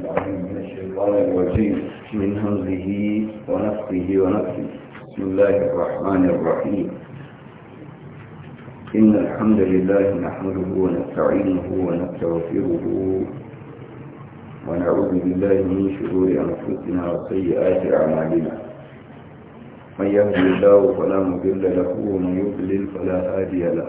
من الشيطان الرجيم من همزه ونفسه ونفسه بسم الله الرحمن الرحيم إن الحمد لله نحمده ونستعينه ونستغفره ونعوذ بالله من شرور أنفسنا وسيئات أعمالنا من يهدي الله فلا مضل له ومن يضلل فلا هادي له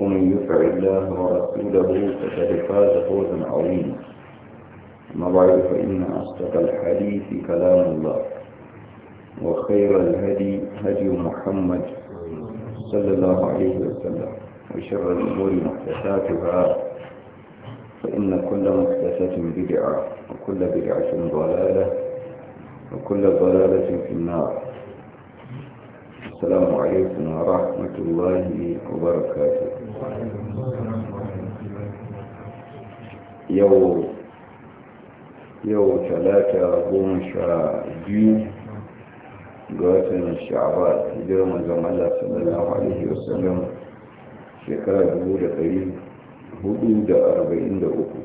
ومن يطع الله ورسوله فقد فاز فوزا عظيما أما بعد فإن أصدق الحديث كلام الله وخير الهدي هدي محمد صلى الله عليه وسلم وشر الأمور محدثاتها فإن كل محدثة بدعة وكل بدعة ضلالة وكل ضلالة في النار السلام عليكم ورحمة الله وبركاته يوم يوم ثلاثة قوم شعبين قوات الشعبات يوم زمان الله صلى الله عليه وسلم شكرا بولة قريب حدود أربعين دقوة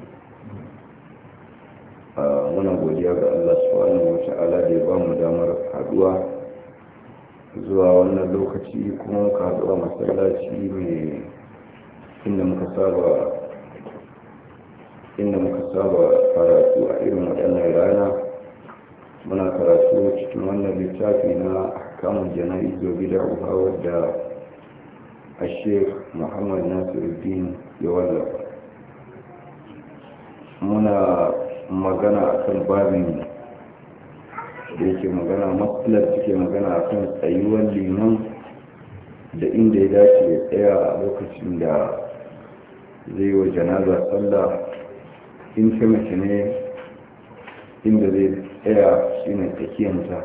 muna godiya ga Allah subhanahu wa ta'ala da ya ba mu damar haduwa zuwa wannan lokaci kuma muka zuwa masallaci mai inda muka saba inda muka saba karatu a irin waɗannan rana muna karatu cikin wannan littafi na kamun janayi zobi da uha wadda a sheikh muhammad nasiruddin ya wallafa muna magana a kan babin da yake magana matsalar suke magana a kan tsayuwar liman da inda ya dace ya tsaya a lokacin da zai wa janaza sallah in ta mace ne inda zai tsaya shi ne tsakiyanta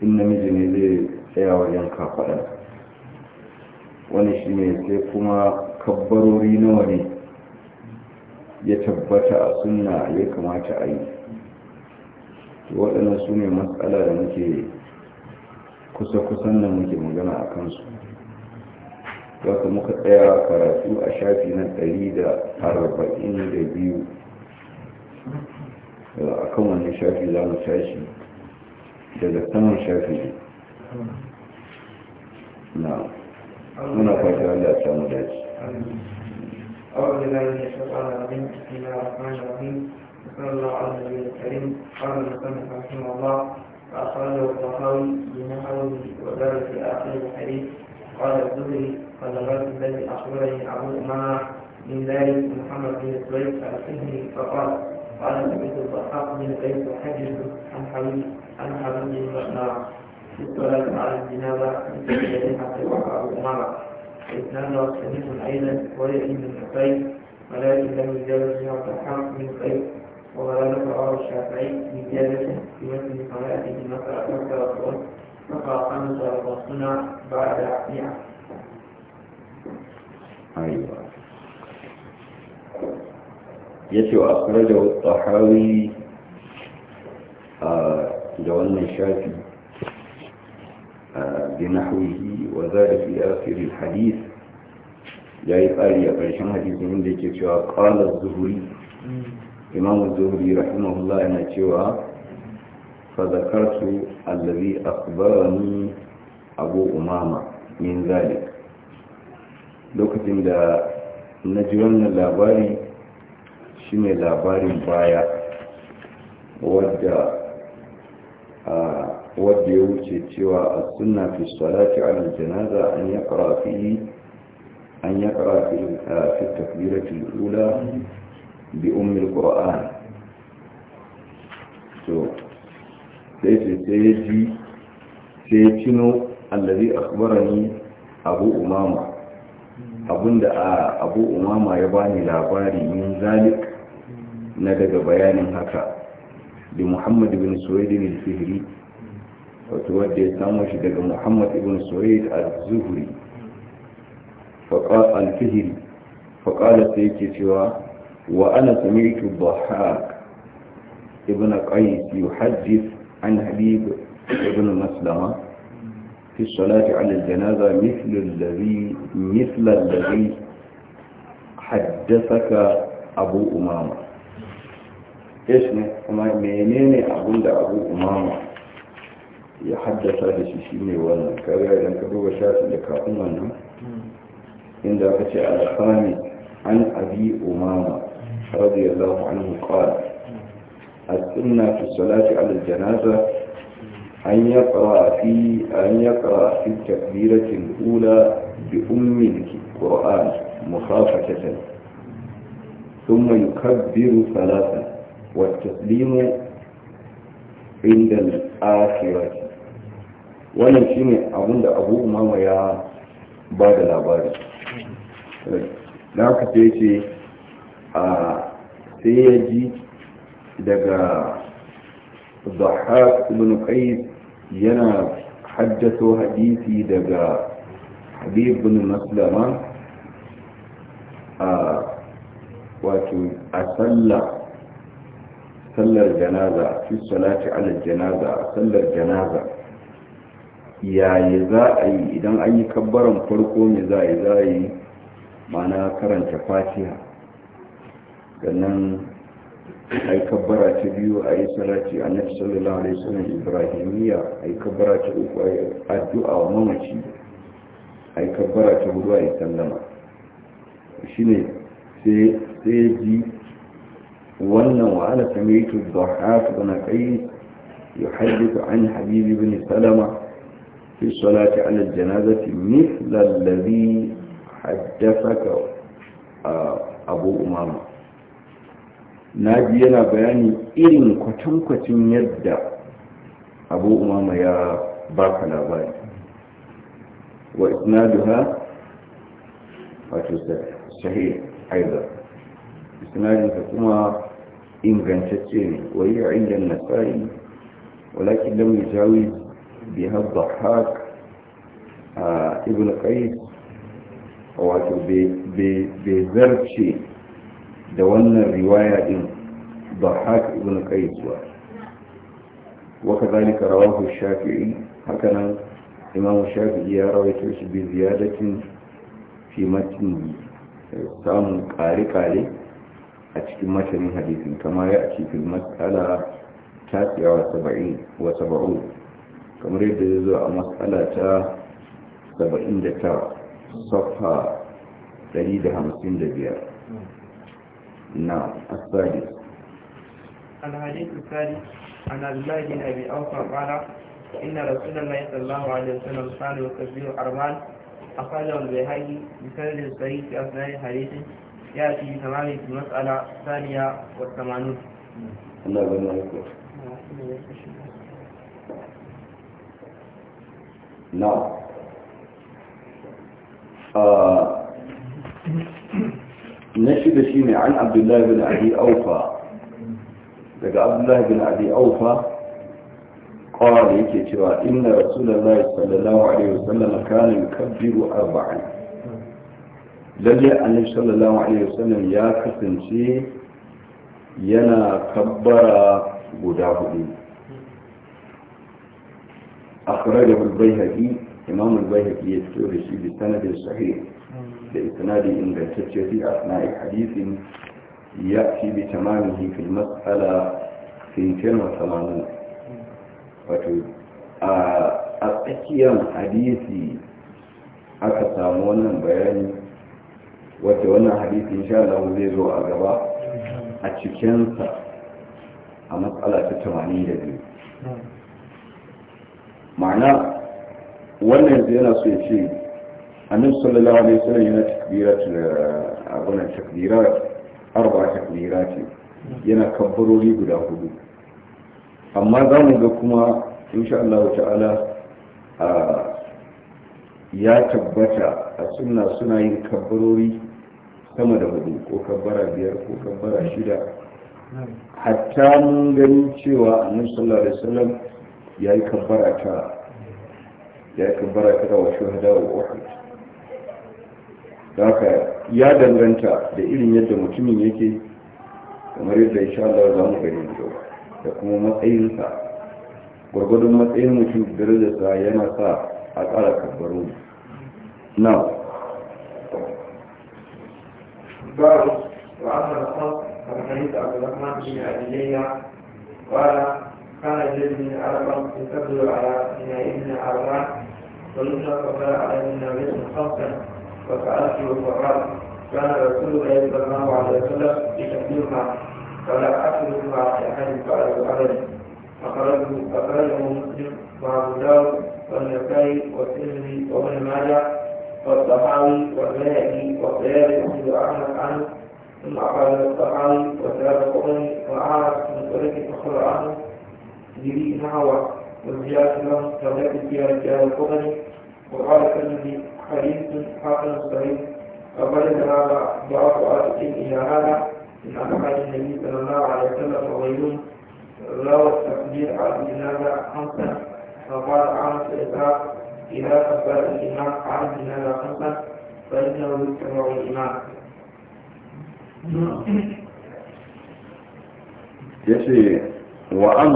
in namiji ne zai tsaya wajen kafaɗa wani shi ne sai kuma kabbarori nawa ne ya tabbata a sunna ya kamata a yi waɗanda su ne matsala da muke kusa-kusan da muke magana a kansu za ku muka tsaya karatu a shafi na 142 a kan wani shafi za mu tashi daga saman shafi ne na muna fata da samu dace أعوذ بالله من الشيطان الرجيم بسم الله الرحمن الرحيم صلى الله على النبي الكريم قال المصنف رحمه الله فأخرجه الطحاوي بنحوه وذلك في آخر الحديث قال الزهري فالنبات الذي أخبرني أبو أمامة من ذلك محمد بن سويد الفهري فقال قال سمعت الضحاك بن قيس يحدث عن حبيب عن حبيب المسمار في الصلاة على الجنازة في الجريحة وأبو أمامة إسناده صحيح أيضا ولكن من قيس ولكن لم يجاوز الضحاك بن قيس وغلبة رواه الشافعي في زيادته في مثل صلاته نقرأ نقرأ نقرأ خمسة وصنع بعد مئة. أيوة. يتي أخرجه الطحاوي آه، جوان الشافعي آه، بنحوه وذلك في آخر الحديث جاي قال يا قرشان هذه من ذلك قال الزهري imam zuhri rahimahullah yana cewa fa zakartu allazi akhbarani abu umama min zalik lokacin da na ji wannan labari shine labarin baya wadda wadda ya wuce cewa a suna fi salati ala janaza an ya fi an ya fi ula بأم القرآن so sai ce sai ya ji sai ya cino abu umama abinda a abu umama ya bani labari min zalik na daga bayanin haka da muhammad bin suwaid bin fihri wato wadda ya samu shi daga muhammad ibn suwaid al-zuhri faƙa al-fihri da sai ke cewa وأنا سمعت الضحاك ابن قيس يحدث عن حبيب ابن مسلمة في الصلاة على الجنازة مثل الذي مثل الذي حدثك أبو أمامة إيش ما منين أقول أبو أمامة يحدث هذا الشيء shi shi كذا إذا kariya idan لك أمامة إن da kafin wannan عن أبي أمامة رضي الله عنه قال السنة في الصلاة على الجنازة أن يقرأ في أن يقرأ في التكبيرة الأولى بأم القرآن مخافة ثم يكبر ثلاثا والتسليم عند الآخرة wannan shi ne أبو ماما يا بعد ba لا labari sai ya ji daga zahar ibn qais yana haddaso hadisi daga habib ibn maslama a wato a sallar janaza fi salati ala janaza sallar janaza yayi za a yi idan an yi kabbaran farko mai za a yi za a yi mana karanta fatiha sannan a yi kabbara ta biyu a yi salati a nafi sallallahu alaihi wasallam ibrahimiyya a yi kabbara ta uku a yi addu'a wa mamaci a yi kabbara ta hudu a yi sallama shi ne sai ji wannan wa'ala ta mai tu zuhaf bin qais yuhaddithu an habib ibn salama fi salati ala al-janazati mithla alladhi haddathaka uh, abu umama naji yana bayani irin kwatankwacin yadda abu umama ya baka labari wa isnaduha wato sahih aida isnadinsa kuma ingantacce ne wa yi inda nasari walakin lam yujawi biha dhahak ibn qais wato bai zarce da wannan riwaya din da haka ibn qais wa waka zalika rawahu shafi'i haka nan imam shafi'i ya rawaito shi bi ziyadatin fi matin samun kare kare a cikin matanin hadisin kamar ya ce fi matsala ta tsiyawa wa saba'un kamar yadda ya zo a matsala ta saba'in da ta 155 نعم الثالث الحديث الثالث عن عبد الله بن ابي اوفى قال ان رسول الله صلى الله عليه وسلم كان يكبر اربعا اخرجه البيهقي بسند الصحيح في اسناد حديث ياتي بتمامه في المساله الثانيه والثمانون. الله يبارك نعم. آه. نشد شيني عن عبد الله بن أبي أوفى لقى عبد الله بن أبي أوفى قال يكي ترى إن رسول الله صلى الله عليه وسلم كان يكبر أربعا لذي أن صلى الله عليه وسلم يا كسن شيء ينا كبر قدابه أخرجه البيهقي إمام البيهقي يذكر شيء بسند صحيح da isnadi ingantacce fi asna'i hadisin ya fi bi tamamihi fil mas'ala fi kana tamamu wato a tsakiyar hadisi aka samu wannan bayani wadda wannan hadisi insha Allah zai zo a gaba a cikinsa a matsala ta 82 ma'ana wannan yana so ya ce annabi sallallahu alaihi wasallam yana takbirat abuna takbirat arba takbirat yana kabbarori guda hudu amma za mu ga kuma insha Allah ta'ala ya tabbata a sunna suna yin kabbarori sama da hudu ko kabbara biyar ko kabbara shida hatta mun gani cewa annabi sallallahu alaihi wasallam ya yi kabbara ta ya yi kabbara ta wa shuhada wa uhud haka ya danganta da irin yadda mutumin yake kamar yadda insha Allah za mu gani da kuma matsayinsa gwargwadon matsayin mutum darajarsa yana sa a tsara karbaro na babu wa'azar kwan kamfanin da abu rahman bin adilaiya wala kana jirgin araban kusurdu a yanayin araban wani na kabbara a yanayin na فسألته فقال كان رسول الله صلى الله عليه وسلم يكلمها فلا أكلها أحد بعد أبدا فخرج فخرج مسلم وأبو داود والنسائي والترمذي وابن ماجه والطحاوي والبيهقي والبيهقي وابن أحمد عنه ثم أخرج الطحاوي والدارقطني وأعرف من طريق أخرى عنه به نحوه وزيادة له كذلك في رجال القطني وقال الترمذي حديث حسن صحيح فبلغ هذا ضعف عاتق الى هذا من اصحاب النبي صلى الله عليه وسلم وغيرهم روى التقدير ابن هذا خمسا فقال عن الاسحاق اذا كفر الامام عن هذا خمسا فانه يتبع الامام ya ce wa an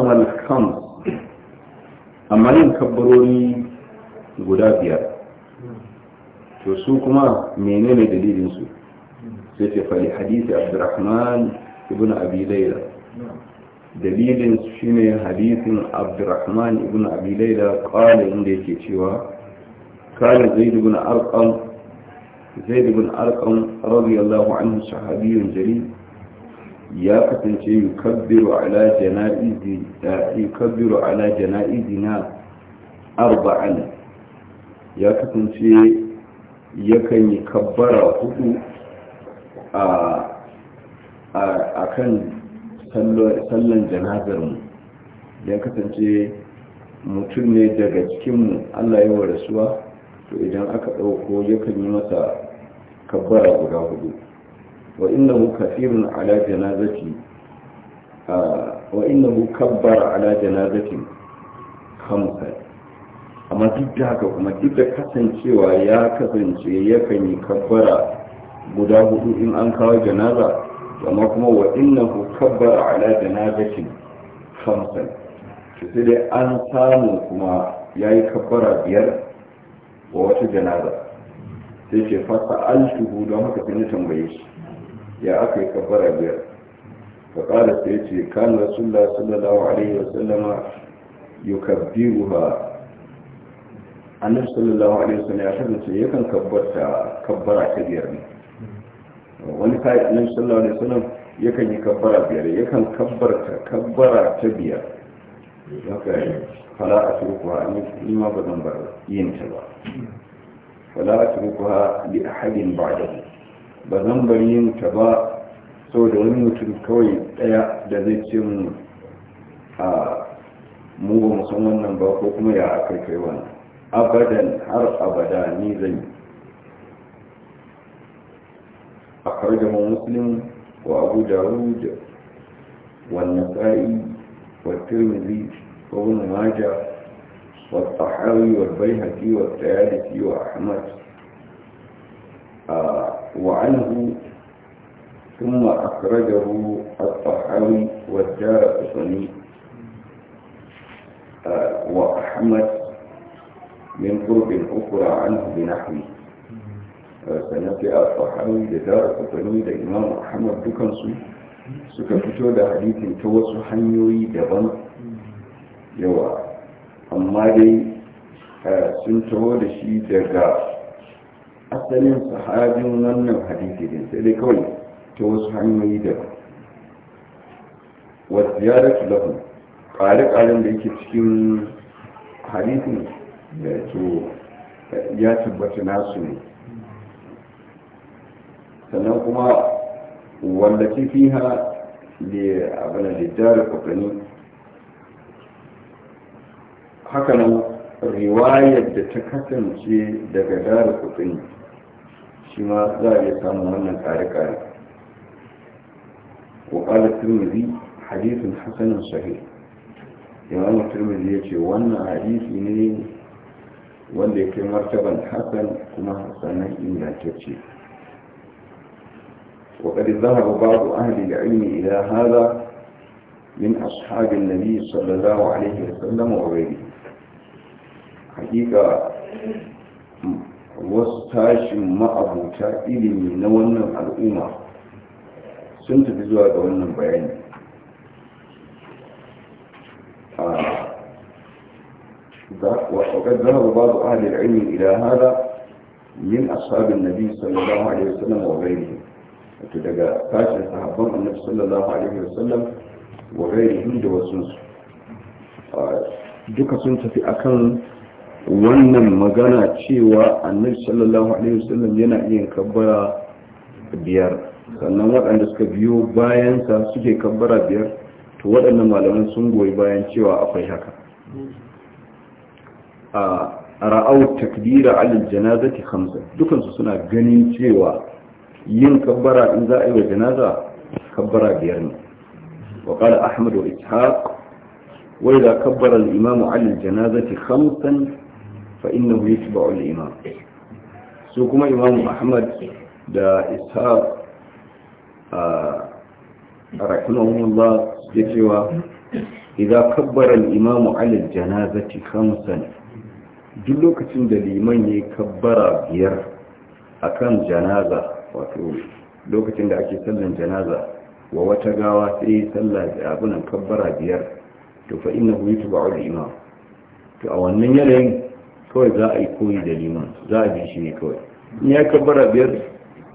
amma yin kabbarori guda biyar to su kuma menene dalilin su sai ce fali hadisi abdurrahman ibn abi laila dalilin shine hadisin abdurrahman ibn abi laila qala inda yake cewa kana zaid ibn arqam zaid ibn arqam radiyallahu anhu sahabiyyun jalil ya kasance yukabbiru ala janaizi yukabbiru ala janaizina arba'an ya kasance yakan yi kabbara hudu a kan sallan janazarmu ya kasance mutum ne daga cikinmu allah yi wa rasuwa to idan aka ɗauko yakan yi masa kabbara guda hudu wa mu kafirin ala janazati wa mu kabbara ala janazati hamsan amma duk da haka kuma duk da kasancewa ya kasance yakan yi kabbara guda hudu in an kawo janaza amma kuma wa ku kabbara ala janazatin khamsan to sai dai an samu kuma yayi kabbara biyar wa wata janaza sai ce fasa alshuhu don haka sai tambaye shi ya aka yi kabbara biyar fa qala sai ce kan rasulullah sallallahu alaihi wasallama yukabbiruha annabi sallallahu alaihi wasallam ya kasance yakan kabbarta kabbara ta biyar ne wani kai annabi sallallahu alaihi wasallam yakan yi kabbara biyar yakan kabbarta kabbara ta biyar haka fala a turkuwa ni ma ba zan bar yin ta ba fala a turkuwa li ahadin ba'dahu ba zan bar yin ta ba saboda wani mutum kawai daya da zai ce mu a ah, mu ba mu san wannan ba ko kuma ya akai kai wannan أبدا هر أبدا ni أخرجه مسلم وأبو داود والنسائي والترمذي وابن ماجه والطحاوي والبيهقي والتيالسي وأحمد آه، وعنه ثم أخرجه الطحاوي والدار آه وأحمد min kurbin ukura an bi nahwi sannan sai a tsakani da dara tsakani da imam muhammad dukansu suka fito da hadisin ta wasu hanyoyi daban yawa amma dai sun taho da shi daga asalin sahabin wannan hadisi din dai kawai ta wasu hanyoyi daban wasu ziyarar lahu ƙare-ƙaren da yake cikin hadisin to ya tabbata nasu ne sannan kuma wallafi fiha da abin littara kwakwani hakanan riwayar da ta kasance daga dara kwakwani shi ma za a iya samun wannan kare-kare وقال الترمذي حديث حسن صحيح إمام الترمذي يقول وانا حديث من wanda ya kai martaban hasan kuma hasanan ingantacce وقد ذهب بعض أهل العلم إلى هذا من أصحاب النبي صلى الله عليه وسلم وغيره حقيقة واستاش ما أبوتا إلمي نوانا الأمة سنت بزواد وانا بيان وقد ذهب بعض أهل العلم إلى هذا من أصحاب النبي صلى الله عليه وسلم وغيره تدقى فاشل صحابهم النبي صلى الله عليه وسلم وغيرهم دوسنس duka sun tafi akan wannan magana cewa annabi sallallahu alaihi wasallam yana iya kabbara biyar sannan waɗanda suka biyo bayansa suke kabbara biyar to waɗannan malaman sun goyi bayan cewa akwai haka ra'au takbira alil janazati khamsa dukan su suna ganin cewa yin kabbara in za a yi wa janaza kabbara biyar ne wa qala ahmad wa ishaq wa idha kabbara al imam alil janazati khamsan fa innahu yatba'u al imam su kuma imam ahmad da ishaq rahimahullah ya cewa idza kabbara al imam alil janazati khamsan duk lokacin da liman ya kabbara biyar a kan janaza wato lokacin da ake sallan janaza wa wata gawa sai sallah da abunan kabbara biyar to fa huyi tuba a imam to a wannan yanayin kawai za a yi koyi da liman za a bi shi ne kawai in ya kabbara biyar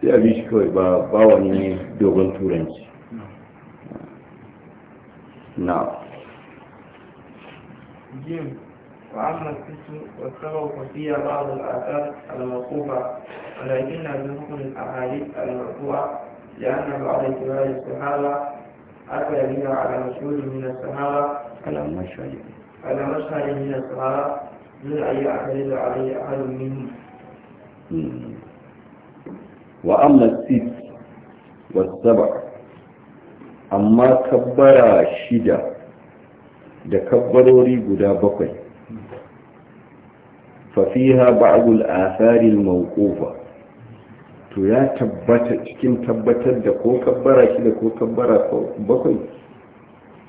sai a bi shi kawai ba ba wani dogon turanci na وأما القسم والسبب ففيها بعض الآثار الموقوفة ولكنها بحكم الأحاديث المرفوعة لأن بعض كبار الصحابة أتى بها على مشهود من الصحابة على مشهد على مشهد من الصحابة من أن يعترض عليه أحد منهم وأما الست والسبع amma kabbara shida da kabbarori guda bakwai fafiha ba'dul athari mawqufa to ya tabbata cikin tabbatar da ko kabbara shi da ko kabbara bakwai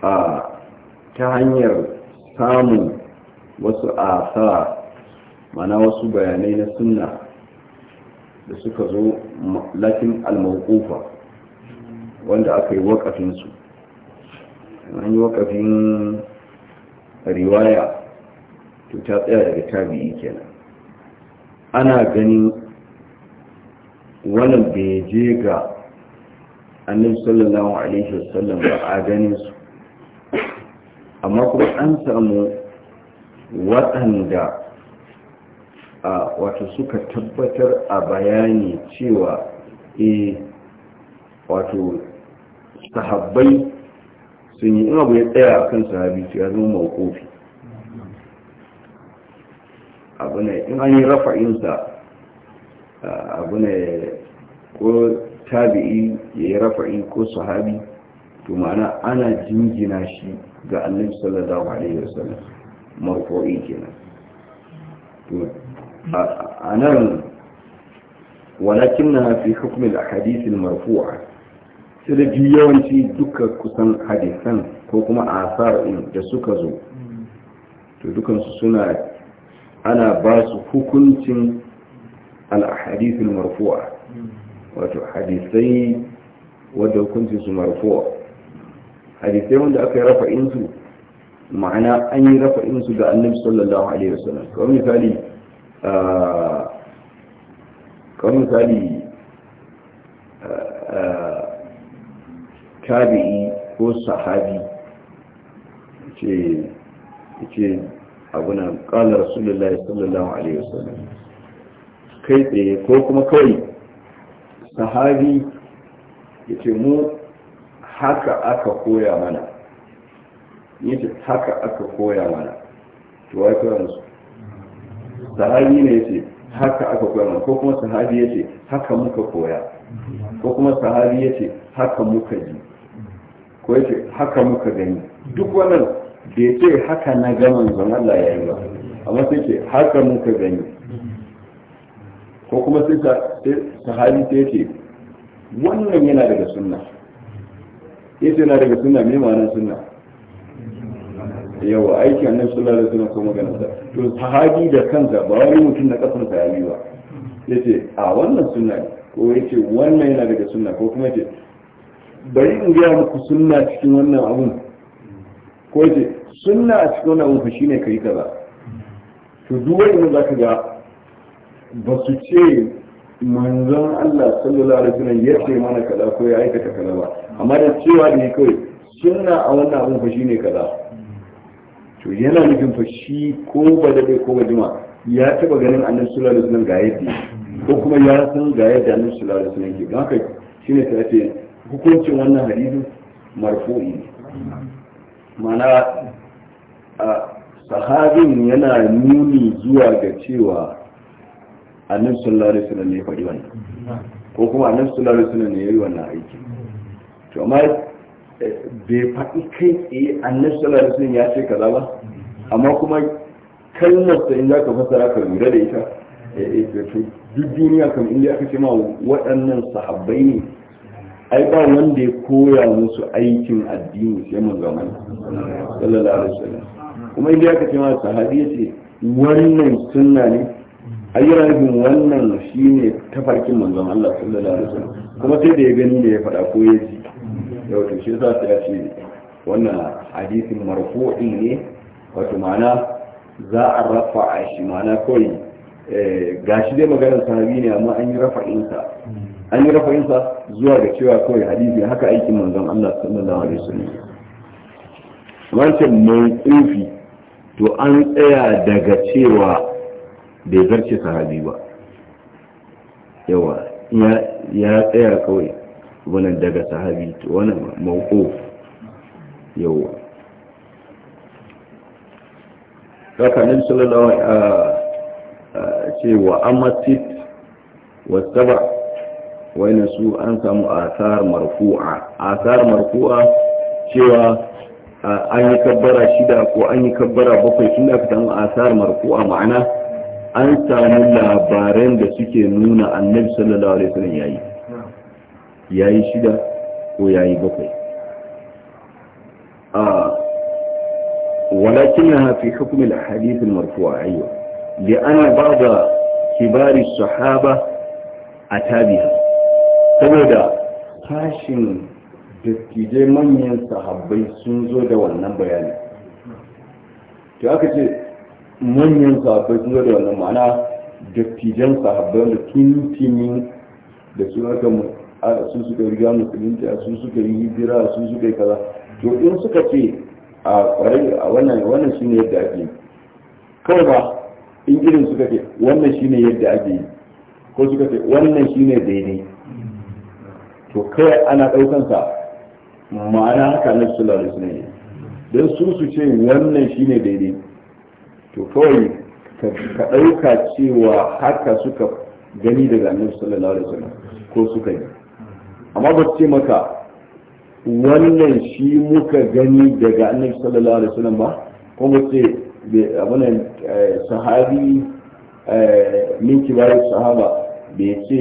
a ta hanyar samun wasu asa mana wasu bayanai na sunna da suka zo latin al-mawqufa wanda aka yi wakafinsu. an yi wakafin riwaya to ta tsaya daga tabi'i kenan ana ganin wannan bai je ga annabi sallallahu alaihi wasallam ba a ganin su amma kuma an samu waɗanda a wato suka tabbatar a bayani cewa e wato sahabbai sun yi abu ya tsaya a kan sahabi ya zama mawukofi abu ne in an yi rafa'insa abu ne ko tabi'i ya yi rafa'i ko sahabi to ma'ana ana jingina shi ga annabi sallallahu alaihi wasallam marfu'i kenan to anan walakinna fi hukm al-ahadith al-marfu'a sai da yawanci duka kusan hadisan ko kuma asar da suka zo to dukansu suna ana ba su hukuncin al-ahadithul marfu'a wato hadisai wadda hukuncin su marfu'a hadisai wanda aka yi rafa'in su ma'ana an yi rafa'in su ga annabi sallallahu alaihi wasallam kamar misali kamar misali tabi'i ko sahabi ce Abu na qala rasulullahi sallallahu alaihi wasallam kai tsaye ko kuma kai sahabi ce mu haka aka koya mana Ya ce haka aka koya mana to wai koya musu sahabi ne ya ce haka aka koya mana ko kuma sahabi ce haka muka koya ko kuma sahabi ce haka muka ji ko ya ce haka muka gani duk wannan bai ce haka na gama zan Allah ya yi ba amma sai ce haka muka gani ko kuma sai sahabi ta ce wannan yana daga sunna yace yana daga sunna me ma'anar sunna yawa aiki annabi sallallahu alaihi wasallam ko magana ta to sahabi da kansa ba wani mutum da kasar sa yayi ba yace a wannan sunna ne ko yace wannan yana daga sunna ko kuma yace bari in ga muku sunna cikin wannan abun ko suna sunna a cikin wannan abu shine kai kaza to duk wanda zaka ga ba su ce manzon Allah sallallahu alaihi wasallam ya ce mana kaza ko ya aikata kaza ba amma da cewa ne kawai sunna a wannan abun fa shine kaza to yana nufin fa shi ko ba da ko ba jima ya taba ganin annabi sallallahu alaihi wasallam ga ko kuma ya san ga yadda annabi sallallahu alaihi wasallam ke ga haka shine ta ce hukuncin wannan hadisi marfu'i ne mana sahabin yana nuni zuwa ga cewa annabi sallallahu suna wasallam ne faɗi wannan ko kuma annabi sallallahu suna wasallam ne yayi wannan aiki to amma eh, bai faɗi kai tsaye annabi sallallahu suna ya ce kaza ba amma kuma kalmar sa in ka fasara ka lura da ita eh, eh, duk duniya kam inda aka ce ma waɗannan sahabbai ne ai ba wanda ya koya musu aikin addini sai manzo sallallahu alaihi wasallam kuma idan aka ce masa sahabi ce wannan sunna ne ayyana wannan shine tafarkin manzon Allah sallallahu alaihi wasallam kuma sai da ya gani ne ya faɗa ko ya ji yau to shi yasa sai ya ce wannan hadisin marfu'i ne wato ma'ana za a rafa shi ma'ana kawai eh, gashi dai maganar sahabi ne amma an yi rafa'insa an yi rafa'insa zuwa ga cewa kawai hadisi haka aikin manzon Allah sallallahu alaihi wasallam wancan mai tsufi to an tsaya daga cewa bai zarce sahabi ba yawa ya tsaya kawai wannan daga sahabi to wannan mawquf yawa haka nan sallallahu alaihi cewa wasu wasaba wayannan su an samu asar marfu'a asar marfu'a cewa an yi kabbara shida ko an yi kabbara bakwai tun da aka samu asar marfu'a ma'ana an samu labaran da suke nuna annabi sallallahu alaihi wasallam yayi yayi shida ko yayi bakwai a ولكنها في حكم الاحاديث المرفوعه ايوه لان بعض كبار الصحابه اتى بها saboda sashin dattijai manyan sahabbai sun zo da wannan bayani to aka ce manyan sahabbai sun zo da wannan ma'ana dattijan sahabbai da tuntunin da su aka su suka riga musulunta su suka yi hijira su suka yi kaza to in suka ce a kwarai a wannan wannan shine yadda ake kawai ba in irin suka ce wannan shine yadda ake ko suka ce wannan shine daidai to kai ana ɗaukansa ma'ana haka na sallallahu alaihi wasallam don su su ce wannan shine daidai to kawai ka ɗauka cewa haka suka gani daga annabi sallallahu alaihi wasallam ko suka yi amma ba ce maka wannan shi muka gani daga annabi sallallahu alaihi wasallam ba kuma ce abin eh, sahabi eh, min kibarin sahaba bai ce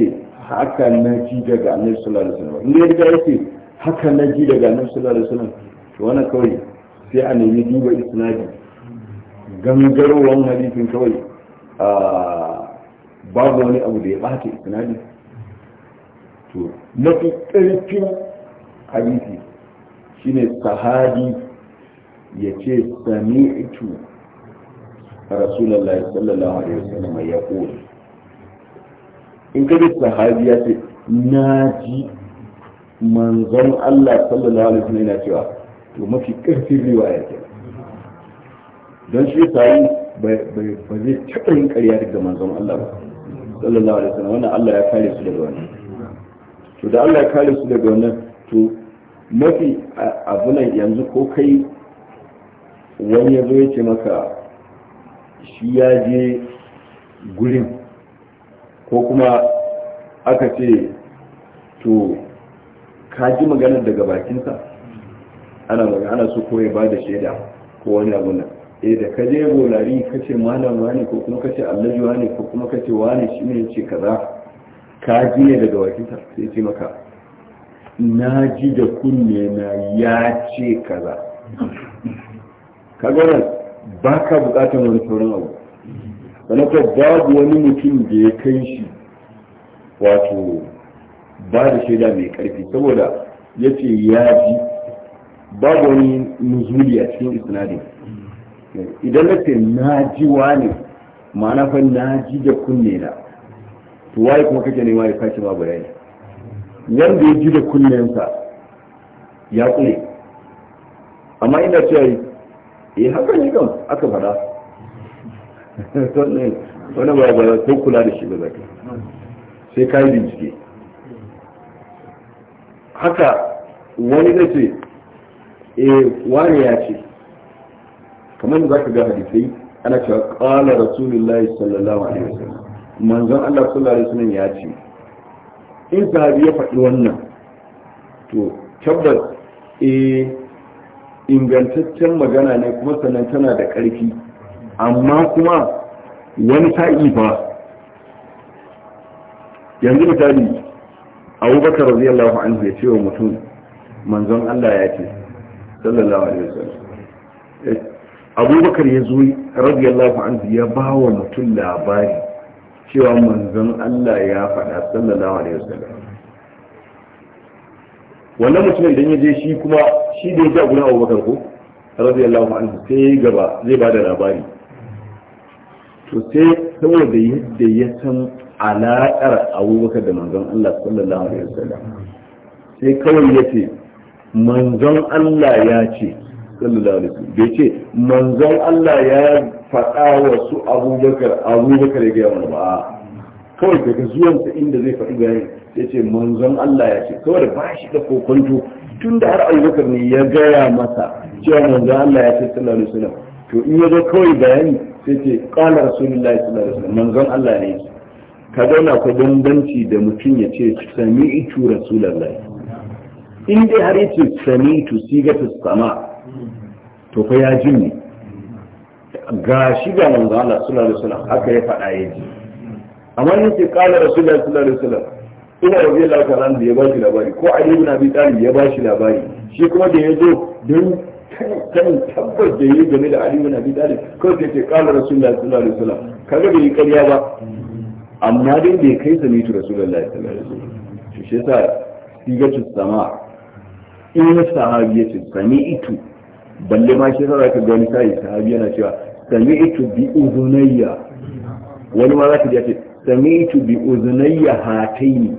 haka na ji daga annabi sallallahu alaihi wasallam in ya yake haka na ji daga annabi sallallahu alaihi wasallam to wannan kawai sai a nemi duba isnadi gangarowar hadisin kawai babu wani abu da ya bata isnadi to mafi ƙarfin hadisi shine sahabi ya ce sami'tu rasulullahi sallallahu alaihi wasallam ya ƙoli in ka ji sahabi ya ce na ji manzon Allah sallallahu alaihi wasallam yana cewa to mafi karfin riwaya ke don shi sai ba zai taɓa yin ƙarya daga manzon Allah ba sallallahu alaihi wasallam wannan Allah ya kare su daga wannan to da Allah ya kare su daga wannan to mafi abunan yanzu ko kai wani ya zo ya ce maka shi ya je gurin ko kuma aka ce to ka ji maganar daga bakinsa ana magana su ko ba da shaida ko wani abu nan eh da ka je bolari ka ce malam wani ko kuma ka ce allaji wani ko kuma ka ce wani shi ne ce kaza ka ji ne daga bakinsa sai ce maka na ji da kunne na ya ce kaza ka gwanar ba ka bukatan wani sauran abu sanaka babu wani mutum da ya kai shi wato ba da shaida mai karfi saboda ya ce ya ji babu wani nuzuli a cikin isnadin idan na ce na ji wani ma'ana fa na ji da kunne na to waye kuma kake nema ya sake ma bayani wanda ya ji da kunnensa ya kule amma ina cewa eh haka ne kan aka faɗa wani ba ba ta kula da shi ba za ka sai ka yi bincike haka wani na ce e eh, wani ya ce kamar za ka ga hadisai ana cewa kala rasulullahi sallallahu alaihi wasallam manzon Allah sallallahu alaihi wasallam ya ce in sahabi ya faɗi wannan to tabbas eh ingantaccen magana ne kuma sannan tana da ƙarfi amma kuma wani sa'i fa yanzu misali abubakar radiyallahu anhu ya ce wa mutum manzon Allah ya ce sallallahu alaihi wasallam eh, abubakar ya zo radiyallahu anhu ya ba wa mutum labari cewa manzon Allah ya faɗa sallallahu alaihi wasallam wannan mutumin idan ya je shi kuma shi da ya ji a abubakar ko radiyallahu anhu sai ya gaba zai ba da labari to sai saboda yadda ya san alaƙar abubakar da manzon Allah sallallahu alaihi wasallam sai kawai ya ce manzon Allah ya ce sallallahu alaihi wasallam bai ce manzon Allah ya faɗa wa su abubakar abubakar ya gaya wani ba kawai daga zuwansa inda zai faɗi bayani ya ce manzon Allah ya ce kawai ba shi da kokonto tun da har abubakar ne ya gaya masa cewa manzon Allah ya ce sallallahu alaihi wasallam to in ya zo kawai bayani sai ce qala rasulullahi sallallahu alaihi wasallam manzon Allah ne ka na ku bambanci da mutum ya ce sami sami'tu rasulullahi in dai har yace sami'tu sigatu sama to fa ya ji ne ga shi ga manzon Allah sallallahu alaihi wasallam haka ya faɗa ya ji amma yace qala rasulullahi sallallahu alaihi wasallam ina rabbi Allah ta'ala da ya bashi labari ko a yi Abi Talib ya bashi labari shi kuma da ya zo don sanin tabbas da yi game da Ali bin Abi Talib kawai ta ce qala rasulullahi sallallahu alaihi wasallam kaga bai yi ƙarya ba amma dai bai kai zami tu rasulullahi sallallahu alaihi wasallam shi yasa sigatu sama in sahabi yace sami'tu balle ma shi zaka sai sahabi yana cewa sami'tu bi uzunayya wani ma zaka ji sami'tu bi uzunayya hataini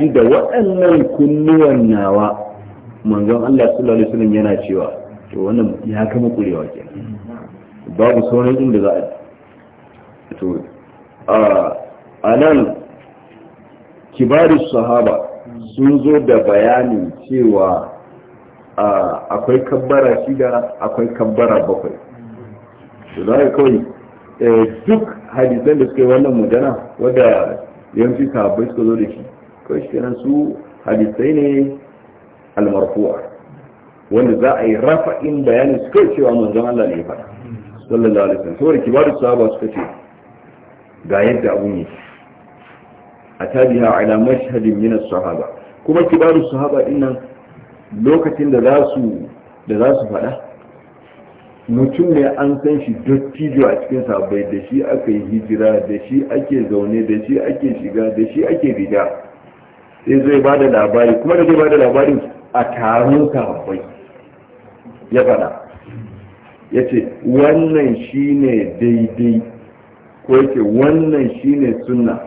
ji da waɗannan kunnuwan nawa manzon Allah sallallahu alaihi wasallam yana cewa to wannan ya kama kurewa ke babu sauran inda za a to a nan kibarin sahaba sun zo da bayanin cewa akwai kabbara shida akwai kabbara bakwai to za kawai eh, duk hadisan da suka yi wannan magana wadda yawanci sahabbai suka zo da shi kawai shi su hadisai ne almarfu'a wanda za a yi rafa'in bayani su kai cewa manzon Allah ne ya faɗa sallallahu alaihi wasallam saboda kibarus sahaba suka ce ga yadda abun yake tabiha ala mashhadin min as-sahaba kuma kibarus sahaba din nan lokacin da za su da za su faɗa mutum ne an san shi dottijo a cikin sahabbai da shi aka yi hijira da shi ake zaune da shi ake shiga da shi ake riga sai zai ba da labari kuma da zai ba da labarin a taron sahabbai ya faɗa ya ce wannan shi ne daidai ko ya ce wannan shi ne sunna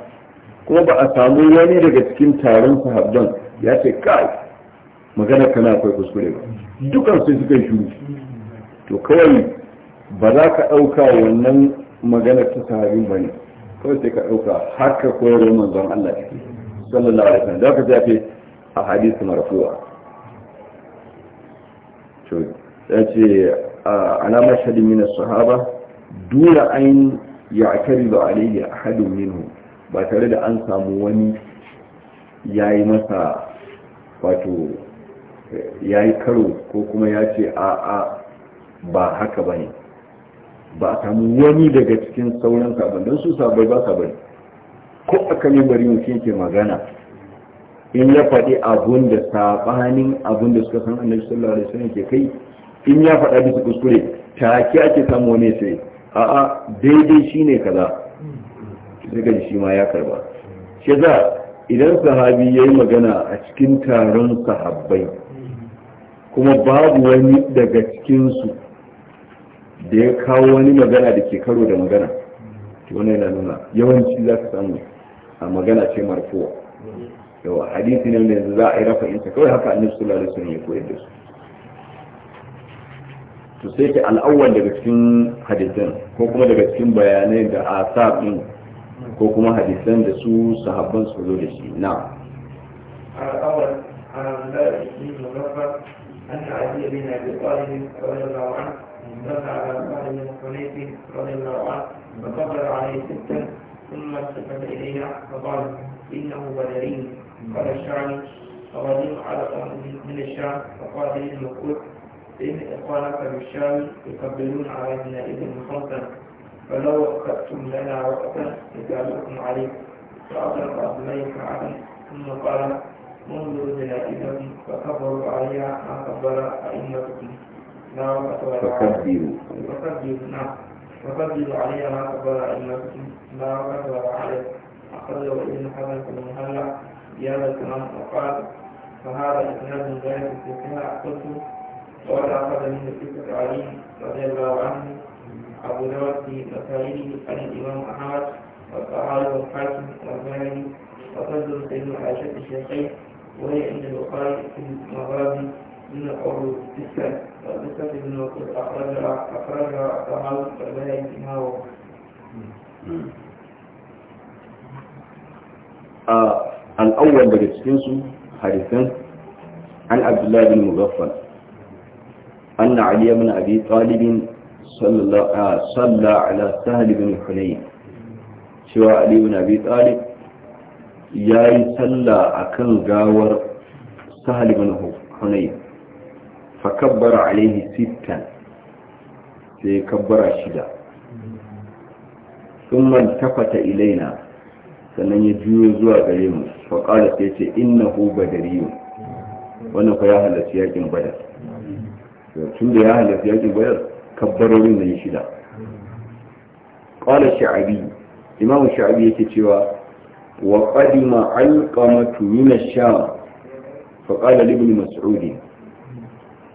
Ko ba a samu wani daga cikin taron sahabban ya ce kai magana kana akwai kuskure ba dukan sai suka yi shuru to kawai ba za ka ɗauka wannan magana ta sahabin ba ne kawai sai ka ɗauka haka koyarwar manzon Allah sallallahu alaihi wasallam da ka zafe a hadisi marfuwa yace ya ce alamar shaɗin mina sahaba dura an ya akari ba alaihi a hadin minhu ba tare da an samu wani ya yi masa wato ya yi karo ko kuma ya ce a a ba haka ba ne ba a samu wani daga cikin sauran sabon don su sabai ba sabai ko a kan yi bari mutum ke magana in ya faɗi abun da saɓanin abun da suka san annabi sallallahu alaihi wasallam ke kai in ya faɗa bisa kuskure ta ki ake samu wani sai a'a daidai ne kaza Daga shi ma ya karba shi za idan sahabi ya yi magana a cikin taron sahabbai kuma babu wani daga cikinsu da ya kawo wani magana da ke karo da magana to wannan yana nuna yawanci za ka samu a magana ce marfuwa yawa hadisi ne wanda za a yi rafa insa kawai haka annabi sallallahu alaihi wasallam ya koyar da su to sai ta al'awwal daga cikin hadisan ko kuma daga cikin bayanai da a din ko kuma hadisan da su sahabban su zo da shi na al'awwal an da دخل على بن حنيف رضي الله عنه فكبر عليه ستا ثم التفت إليها فقال إنه بدري قال الشعري فغليظ علقة من الشعر فقال لي المقول إن إخوانك بالشام يقبلون على إذن خمسا فلو أخذتم لنا وقتا نجعلكم عليه فأطلق أبنائي كعبا ثم قال منذ جنائزكم فكبروا عليها ما كبر أئمتكم لا وقت ولا فكبروا نعم فكبروا عليها ما كبر أئمتكم لا وقت ولا عدد أخرجه ابن هلا هذا الكلام وقال فهذا إسناد من ذلك السكينة قلت وقد أخذ منه قصة علي رضي الله عنه أبو داود في مسائله عن الإمام أحمد والصحابة والحاكم والمالي وقدم سيد عائشة الشيخين وهي عند البخاري في المغازي من القرون تسعة والتسعة من وقود أخرجها أخرجها الصحابة والمالي فيما آه. al'awwal daga cikinsu hadisan an abdullahi bin mugaffal أن علي بن أبي طالب صلى على سهل بن حنين شوى علي بن أبي طالب ياي صلى أكن غاور سهل بن حنين فكبر عليه ستا سيكبر شدا ثم التفت إلينا sannan ya juyo zuwa gare mu faƙala sai ce innahu badariyu wannan fa ya halarci yakin badar tun da ya halarci yakin badar kabbarorin da ya shida ƙala sha'abi imamu sha'abi yake cewa wa qadima alqamatu min ash-sham fa qala li ibn mas'ud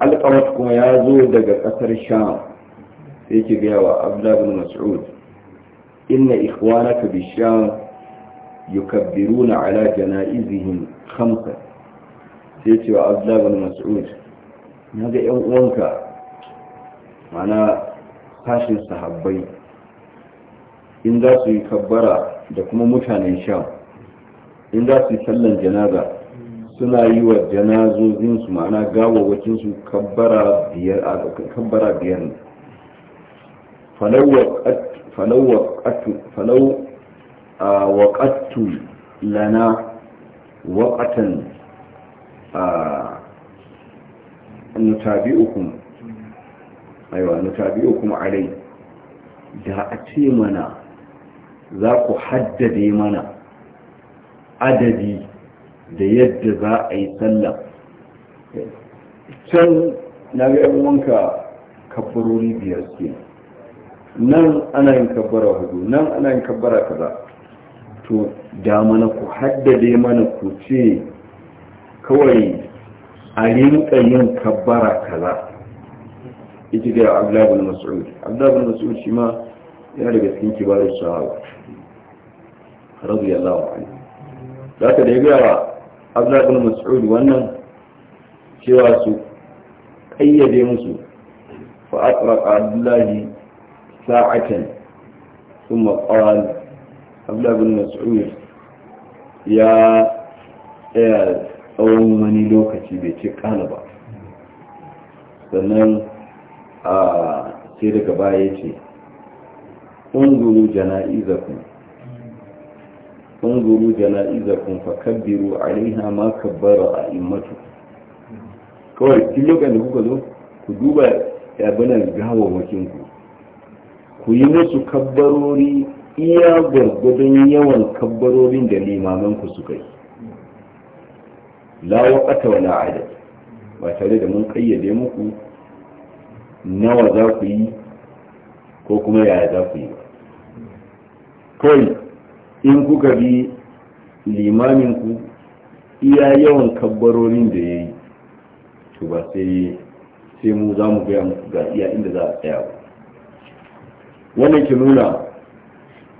alqamatu kuma ya zo daga kasar sham sai yake ga wa abdullah ibn mas'ud inna ikhwanaka bi sham yukabbiruna ala janaizihim khamsa sai ce wa abdullah bin mas'ud naga yan uwanka mana fashin sahabbai in za su yi kabbara da kuma mutanen sham in za su yi sallan janaza suna yi wa janazozinsu ma'ana gawawakinsu kabbara biyar ne falawar waƙattu lana waƙatan nutabi'ukum aiwa nutabi'ukum alai da a ce mana za ku haddade mana adadi da yadda za a yi tsalla. can na ga wanka kafarori biyar ke nan ana yin kabbara hudu nan ana yin kabbara kaza to da mana ku haddade mana ku ce kawai a rinka yin kabbara kaza ita da abdullahi mas'ud abdullahi mas'ud shi ma ya daga cikin kibarin sahaba radiyallahu anhu zaka da ya ga abdullahi mas'ud wannan cewa su kayyade musu fa aqraqa abdullahi sa'atan thumma qala abdullahi bin mas'ud ya tsaya tsawon wani lokaci bai ce kana ba sannan a sai daga baya ce unzuru jana'izakum unzuru fa fakabbiru alaiha ma kabbara a immatu kawai cikin lokacin da kuka zo ku duba yabinan gawawakin ku ku yi musu kabbarori iya gwargwadon yawan kabbarorin da limamanku suka yi la waƙata wani ba tare da mun kayyade muku nawa za ku yi ko kuma yaya za ku yi ba kawai in kuka bi limaminku iya yawan kabbarorin da ya yi to ba sai sai mu za mu gaya muku ga iya inda za a tsaya ba wannan ki nuna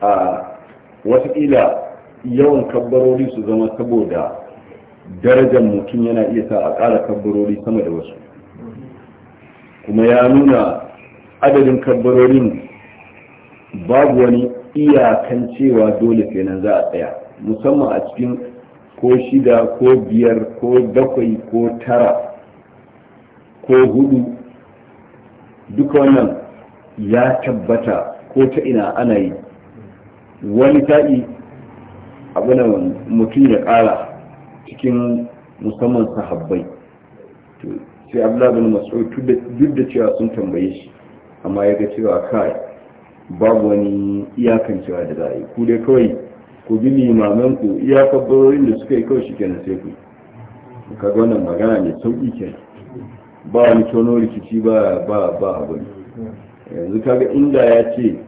a watakila yawan kabbarori su zama saboda darajar mutum yana iya sa a ƙara kabbarori sama da wasu kuma ya nuna adadin kabbarorin babu wani iyakan cewa dole kenan za a tsaya musamman a cikin ko shida ko biyar ko bakwai ko tara ko hudu duka wannan ya tabbata ko ta ina ana yi wani ta'i abinan mutum ya ƙara cikin musamman sahabbai to sai abdullahi bin mas'ud duk da cewa sun tambaye shi amma ya ga cewa kai babu wani iyakan cewa da za a yi ku dai kawai ku bi limaman ku iyakar barorin da suka yi kawai shi kenan sai ku ka ga wannan magana mai sauƙi kenan ba wani tono rikici ba ba ba abin yanzu kaga inda ya ce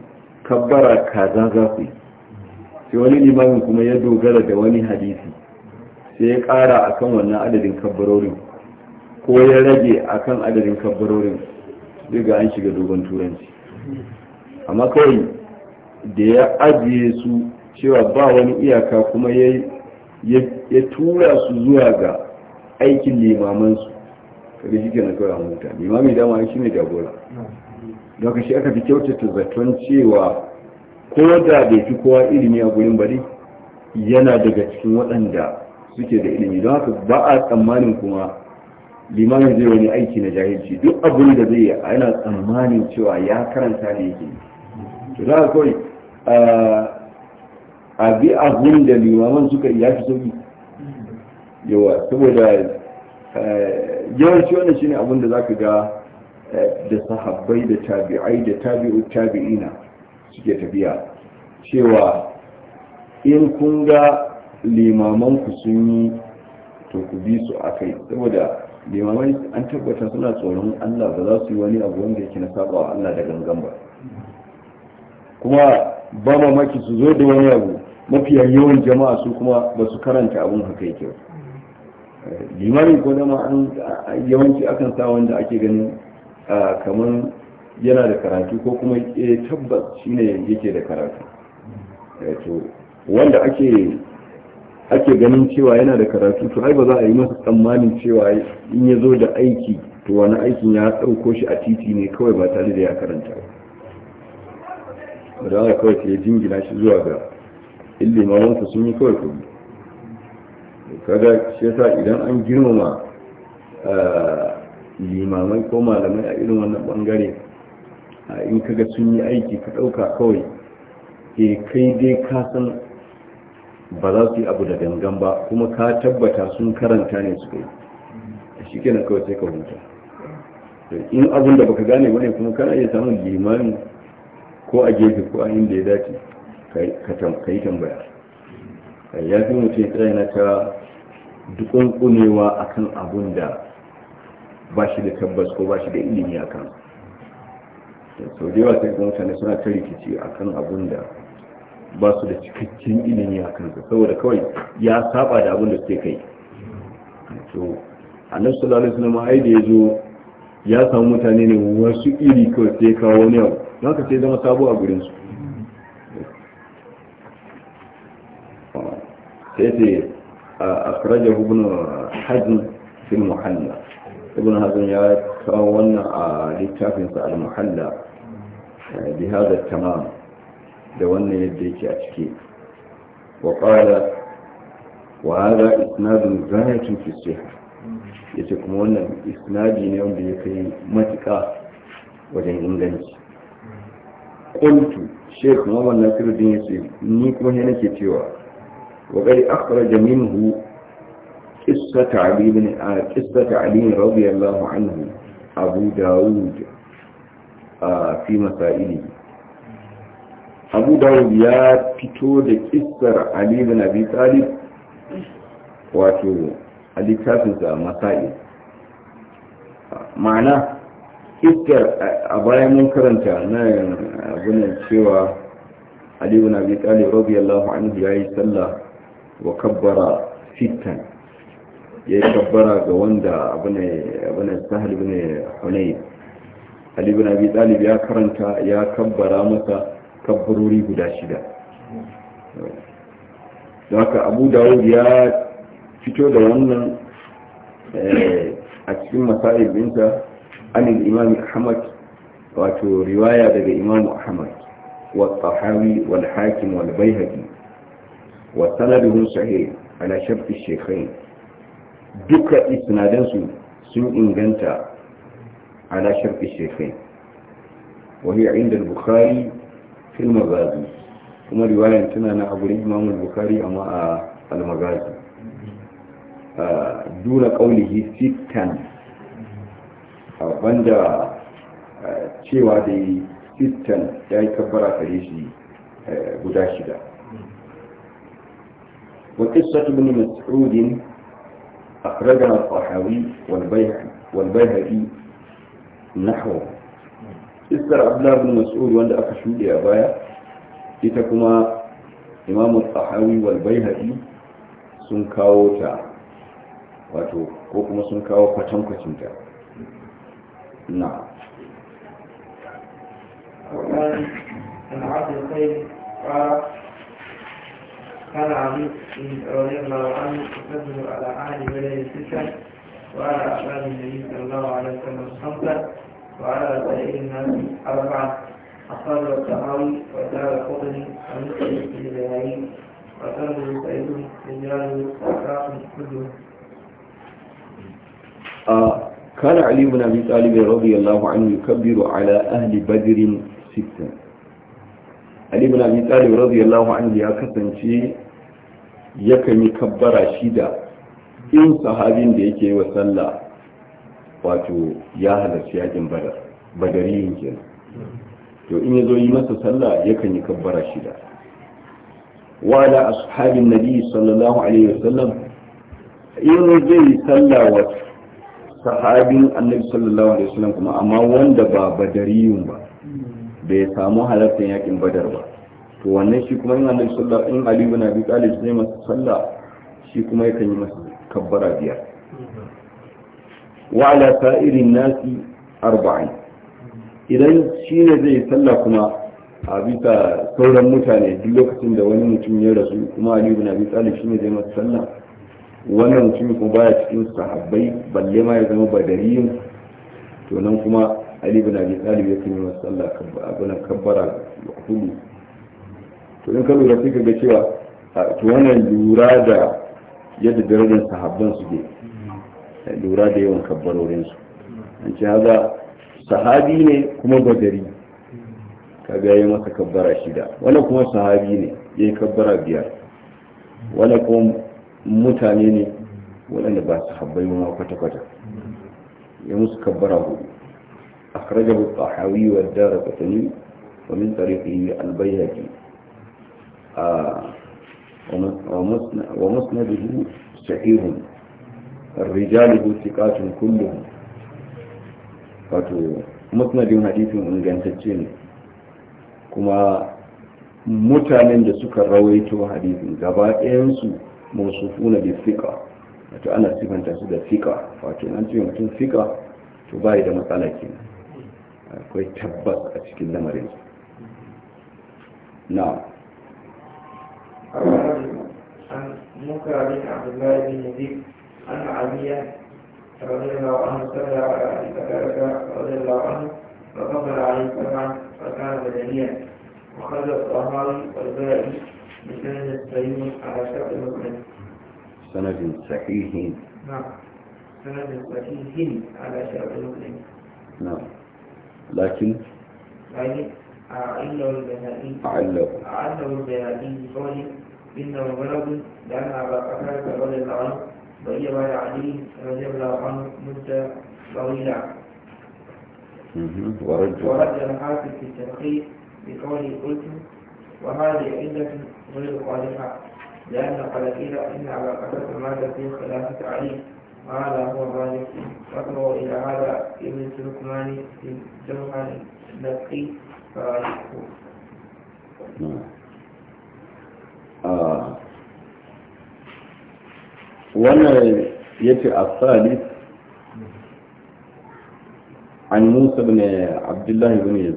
kabbara kaza za ku yi sai wani limamin kuma ya dogara da wani hadisi sai ya ƙara akan wannan adadin kabbarorin ko ya rage akan adadin kabbarorin daga an shiga dogon turanci amma kawai da ya ajiye su cewa ba wani iyaka kuma ya tura su zuwa ga aikin limamansu kaga shi ke na kawai a mutane limami dama shi ne jagora don aka fi kyautata zaton cewa ko da bai fi kowa ilimi a gurin bari yana daga cikin waɗanda suke da ilimi don haka ba a tsammanin kuma limanin zai wani aiki na jahilci duk abin da zai yana tsammanin cewa ya karanta ne yake to za a kawai a bi abin da limaman suka ya fi sauki yawa saboda yawanci wannan shine abin da za ka ga eh, da sahabbai da tabi'ai da tabi'u tabi'ina suke tafiya cewa in kun ga limamanku sun yi to ku bi su a kai saboda limamai an tabbata suna tsoron allah ba za su yi wani abu wanda yake na saba allah da gangan ba kuma ba mamaki su zo da wani abu mafiya yawan jama'a su kuma ba su karanta abun haka yake ba eh, limari ko dama yawanci akan sa wanda ake ganin kamar yana da karatu ko kuma eh tabbas ne yake da karatu eh, wanda ake ganin cewa yana da karatu to ai ba za a yi masa tsammanin cewa in ya zo da aiki to wani aikin ya ɗauko shi a titi ne kawai ba tare da ya karanta ba za a kawai ke jingina shi zuwa ga illimawansa sun yi kawai kuma kada shi yasa idan an girmama eh, limamai ko malamai a irin wannan bangare in kaga sun yi aiki ka ɗauka kawai ke kai dai ka san ba za su yi abu da gangan ba kuma ka tabbata sun karanta ne su kai shi kenan kawai sai ka huta in abin da baka gane wani kuma kana iya samun limani ko a gefe ko a inda ya dace ka yi tambaya ya fi mutum tsaye na ta dukunkunewa akan abun da ba shi da tabbas ko ba shi da ilimi a kansa sau da yawa mutane suna ta rikici kan abun da ba su da cikakken ilimi a kansa saboda kawai ya saba da abin da suke kai to annabi sallallahu alaihi wasallam ai da yazo ya samu mutane ne wasu iri kawai sai kawo ne yau don ka zama sabo a gurin su sai sai a ibn hukunan fi al-muhalla ibn ya kawo wannan a littafinsa sa al-muhalla بهذا التمام دون يديك أشكي وقال وهذا إسناد غاية في الصحة يتكمون إسناد يوم بيكي متكا وجن إنجلس قلت شيخ محمد ناصر الدين يسير نيك مهنة كتوى وقد أخرج منه قصة علي بن قصة علي رضي الله عنه أبو داود fi masaili abu dawud ya fito da kissar ali bin abi talib wato a littafinsa masail ma'ana kissar a bayan mun karanta na abunan cewa ali bin abi talib radiyallahu anhu yayi sallah wa kabbara fitan ya yi kabbara ga wanda abunan sahal bin hunayf ali bin abi talib ya karanta ya kabbara masa kabbarori guda shida don haka abu dawud ya fito da wannan eh, a cikin masail binta anil imam ahmad wato riwaya daga imam ahmad wa tsahawi wal hakim wal baihaqi wa sanaduhum sahih ala shartu shaykhain duka isnadansu sun inganta على شرط الشيخين وهي عند البخاري في المغازي كما رواية انتنا انا اقول امام البخاري اما المغازي آه، دون قوله ستا آه، بند آه، شيوا ستا لا كبرا فريشي قداشدا وقصة ابن مسعود أخرجها الطحاوي والبيهقي nahwa iskar abdullahi bin mas'ud wanda aka shuɗe a baya ita kuma imamu tsahawi wal sun kawo ta wato ko kuma sun kawo kwatankwacin ta na قال علي رضي الله عنه تقدم على أهل بلاد السكن وعلى أصحاب النبي صلى الله عليه وسلم خمسة وعلى سائر الناس أربعة أصحاب التهاوي ودار القطني ومثل بن الهي وسند سعيد رجال وأخلاق كلهم آه، كان علي بن أبي طالب رضي الله عنه يكبر على أهل بدر ستا علي بن أبي طالب رضي الله عنه يا كسنشي يكن يكبر شيدا in sahabin da yake wa sallah wato ya halarci yakin badar badari yake to in ya zo yi masa sallah yakan yi kabbara shida wa ala ashabin nabi sallallahu alaihi wasallam in zai sallah wa sahabin annabi sallallahu alaihi wasallam kuma amma wanda ba badariyun ba bai samu halartar yakin badar ba to wannan shi kuma in annabi sallallahu alaihi in ali ibn abi talib zai masa sallah shi kuma yakan yi masa kabbara biyar wa ala sa'irin nasi arba'in idan shi ne zai sallah kuma a bisa sauran mutane duk lokacin da wani mutum ya rasu kuma ali ibn abi talib ne zai masa sallah wannan mutum kuma baya cikin sahabbai balle ma ya zama badariyin to nan kuma ali ibn abi talib ya kuma masa sallah abuna kabbara hudu to in ka lura sai ka ga cewa to wannan lura da yadda darajar sahabban suke lura da yawan kabbarorinsu an ce haza sahabi ne kuma ka kaga ya masa kabbara shida wani kuma sahabi ne ya yi kabbara biyar wani kuma mutane ne waɗanda ba su habbai ma kwata-kwata ya musu kabbara hudu akhrajahu a tahawi wa ad-darqutni wa min tariqihi al albayyaki a. Ah, ومسنده صحيح الرجال ثقات كلهم wato musnadin hadisin ingantacce ne kuma mutanen da suka rawaito hadisin gaba ɗayansu mausufu na da wato ana sifanta su da fika wato an ce mutum fika to bai da matsala ke akwai tabbas a cikin lamarin na عن موسى بن عبد الله بن يزيد عن علي رضي الله عنه صلى على ابي بكر رضي الله عنه فقبل عليه سبعا فكان بدنيا وخرج الطهاري والبائي بسند سليم على شرط مسلم سند صحيح نعم سند صحيح على شرط مسلم نعم لكن لكن. يعني أعله البهائي أعله أعله البهائي بقوله إنه مرض لأن أبا بكر رضي الله عنه وإجب على علي رضي الله عنه مدة طويلة ورد ورد الحاكم في التنقيح بقوله قلت وهذه علة غير صالحة لأن قال قيل إن أبا بكر مات في خلافة علي وهذا هو الراجح واقرأوا إلى هذا ابن سلكماني في جوهر النقي Ah. wannan ya ce asali an musa an cewa ali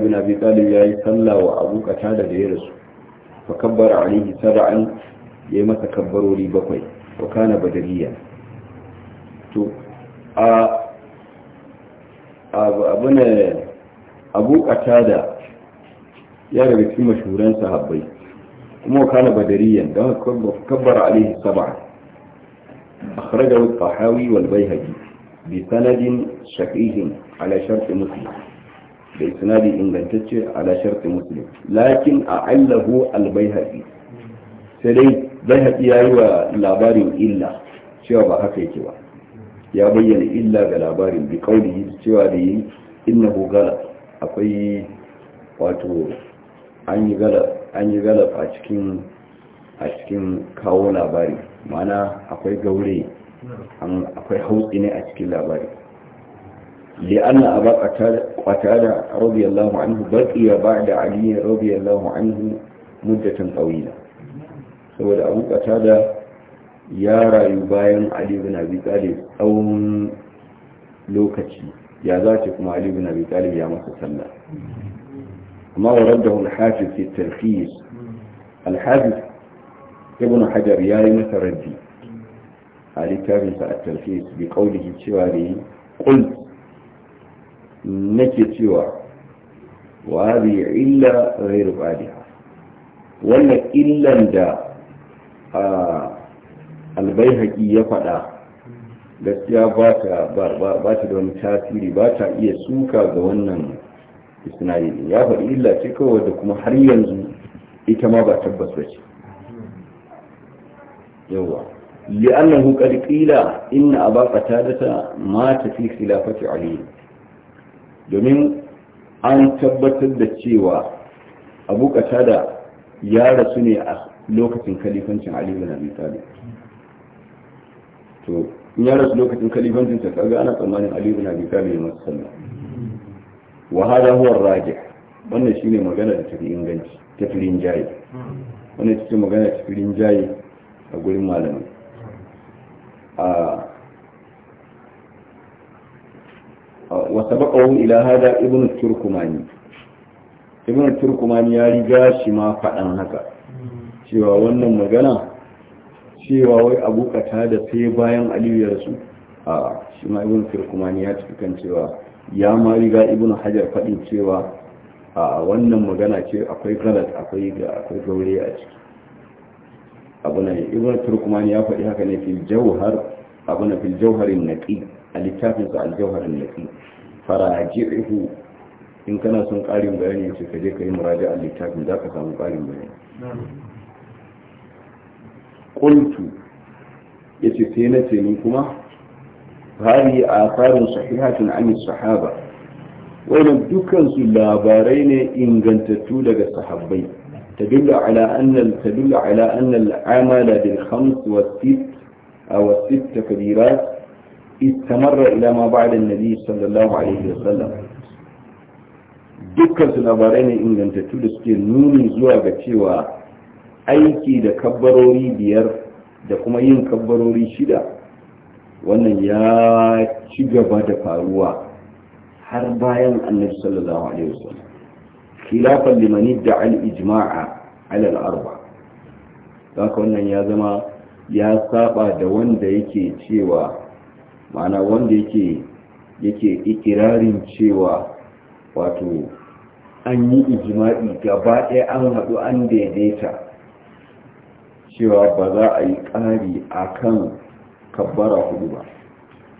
bin salla wa abu da ya rasu fakabbar alihi saba ya yi masa kabbarori bakwai wa kana badariya to a abu ne abu qatada ya daga cikin mashuran sahabbai kuma wa kana badariyan don kabbara alaihi sab'a akhrajahu al-tahawi wal bayhaqi bi sanadin shaqihin ala shart muslim da isnadi ingantacce ala sharti muslim lakin a allahu albayhaqi sai dai zai haƙi ya yi wa labarin illa cewa ba haka yake ba ya bayyana illa ga labarin bi kauli cewa da yi ko gala akwai wato an yi gala a cikin a cikin kawo labari mana akwai gaure akwai hautsi ne a cikin labari لأن أبا قتادة رضي الله عنه بقي بعد علي رضي الله عنه مدة طويلة saboda abu da ya rayu bayan ali bin abi talib tsawon lokaci ya zace kuma ali bin abi talib ya masa sallah amma waradahu al-hafiz fi tarhis al-hafiz ibn hajar ya yi masa raddi a littafinsa a tarhis bi qawlihi cewa da ne qul nake cewa wa hadhihi illa ghayr qadiha wannan illan da albaihaki ya faɗa gaskiya ba ta da wani tasiri ba ta iya suka ga wannan isnadi ya faɗi illa ce kawai da kuma har yanzu ita ma ba tabbas ba ce yawa li'annahu qad qila inna ta ma ta fi khilafati ali domin an tabbatar da cewa abu da. ya rasu ne a lokacin kalifancin Ali bin Abi Talib to in ya rasu lokacin kalifancin sa kaga ana tsammanin Ali bin Abi Talib ya masa sallah wa hada huwa rajih wannan shine magana da tafi inganci tafi rinjaye wannan cikin magana tafi rinjaye a gurin malamai a وسبقه ila hada ibn turkumani ibn turkumani ya riga shi ma faɗan haka cewa wannan magana cewa wai abu kata da sai bayan aliyu ya rasu a shi ma ibn turkumani ya tafi kan cewa ya ma riga ibn hajar faɗin cewa a wannan magana ce akwai galat akwai ga akwai gaure a ciki abu ne ibn turkumani ya faɗi haka ne fil jawhar abu fil jawharin naqi a littafinsa al jawharin naqi faraji'uhu in kana son ƙarin bayani ce ka je ka yi muraja a littafin za ka samu ƙarin bayani ƙuntu ya ce sai na ce ni kuma hari a tsarin sahihatin amin sahaba wannan dukansu labarai ne ingantattu daga sahabbai تدل على أن تدل على أن العمل بالخمس والست أو الست كبيرات استمر إلى ما بعد النبي صلى الله عليه وسلم dukkan su labarai ne ingantattu da suke nuni zuwa ga cewa aiki da kabbarori biyar da kuma yin kabbarori shida wannan ya ci gaba da faruwa har bayan annabi sallallahu alaihi wasallam khilafan liman da al ijma'a ala al arba haka wannan ya zama ya saba da wanda yake cewa ma'ana wanda yake yake ikirarin cewa wato an yi ijimaɗi gaba ɗaya an haɗu an daidaita cewa ba za a yi ƙari a kan kabbara hudu ba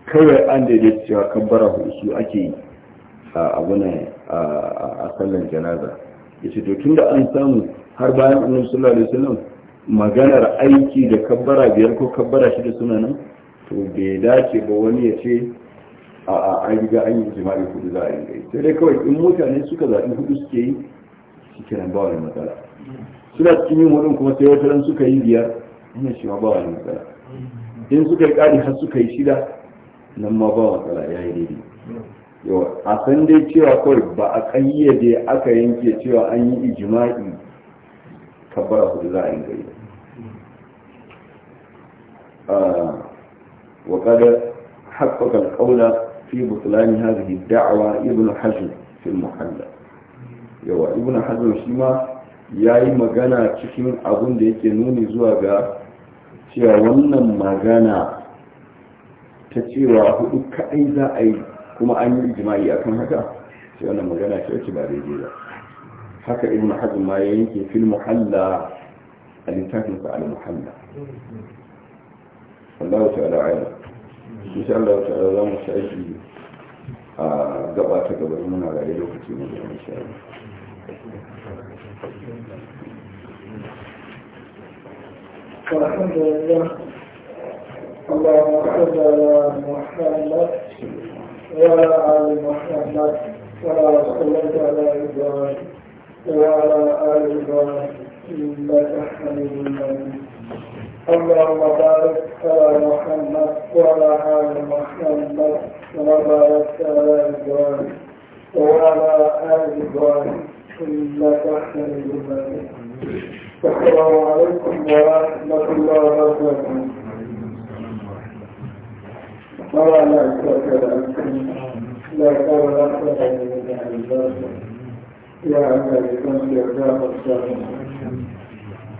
kawai an daidaita cewa kabbara hudu su ake yi a abunan a sallan janaza ya ce tun da an samu har bayan annabi sallallahu alaihi wasallam maganar aiki da kabbara biyar ko kabbara shida suna nan to bai dace ba wani ya ce a a an riga an yi jima'i hudu za a yi gai sai dai kawai in mutane suka zaɓi hudu suke yi shi kenan ba wani matsala suna cikin yin hudun kuma sai wata ran suka yi biyar wannan shi ma ba wani matsala in suka yi ƙari har suka yi shida nan ma ba matsala ya yi daidai yawa a san dai cewa kawai ba a ƙayyade aka yanke cewa an yi ijima'i kabbara hudu za a yi gai وقد حقق القول في بطلان هذه الدعوة ابن حزم في المحلة يوا ابن حزم شما yayi magana cikin abun da yake nuni zuwa ga cewa wannan magana ta cewa hudu kaɗai za a yi kuma an yi jima'i akan haka sai wannan magana ce ba daidai ba haka ibn hazm ma ya yanke fil muhalla a littafin sa al muhalla insha Allah ta'ala za mu tashi a gaba ta gaba muna raye lokaci ne da insha Allah والحمد لله اللهم صل على محمد وعلى ال محمد ولا صليت على ابراهيم وعلى ال ابراهيم انك حميد مجيد اللهم بارك على محمد وعلى آل محمد كما باركت على إبراهيم وعلى آل إبراهيم إنك حميد مجيد السلام عليكم ورحمة الله وبركاته مولانا الشكر لكم لا حول ولا قوة إلا بالله يا أمريكا يا جاب السلام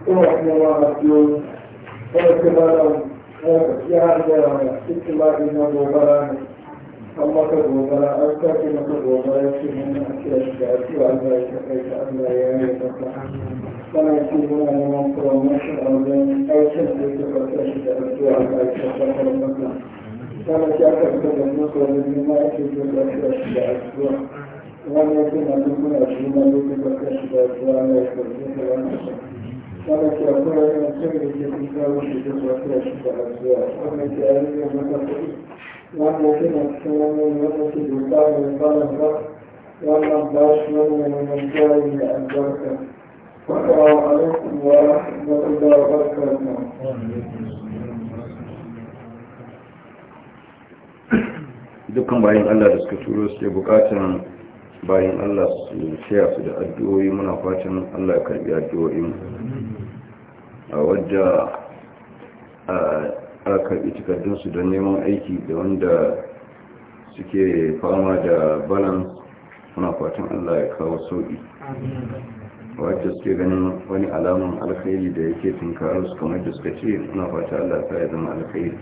ورحمة الله Kada ki ba da ya hana da yawa ya cikin ne. An maka gobara, an kafin maka gobara ya ce mun a cikin shi da ake wa na duk muna shi na duk kafa shi da ake wa Kada ki akwai yana can da ke fi kawo shi kuɗi, ba, ba dukkan bayan Allah da suka turo suke bukatan bayan Allah su shaya su da addu'o'i muna fatan Allah ya karbi addu'o'in a wadda a karbi cikardunsu don neman aiki da wanda suke fama da balan muna fatan Allah ya kawo sauƙi wadda suke ganin wani alamun alkhairi da yake tunkarar su kamar da suka ce muna fata Allah ta ya zama alkhairi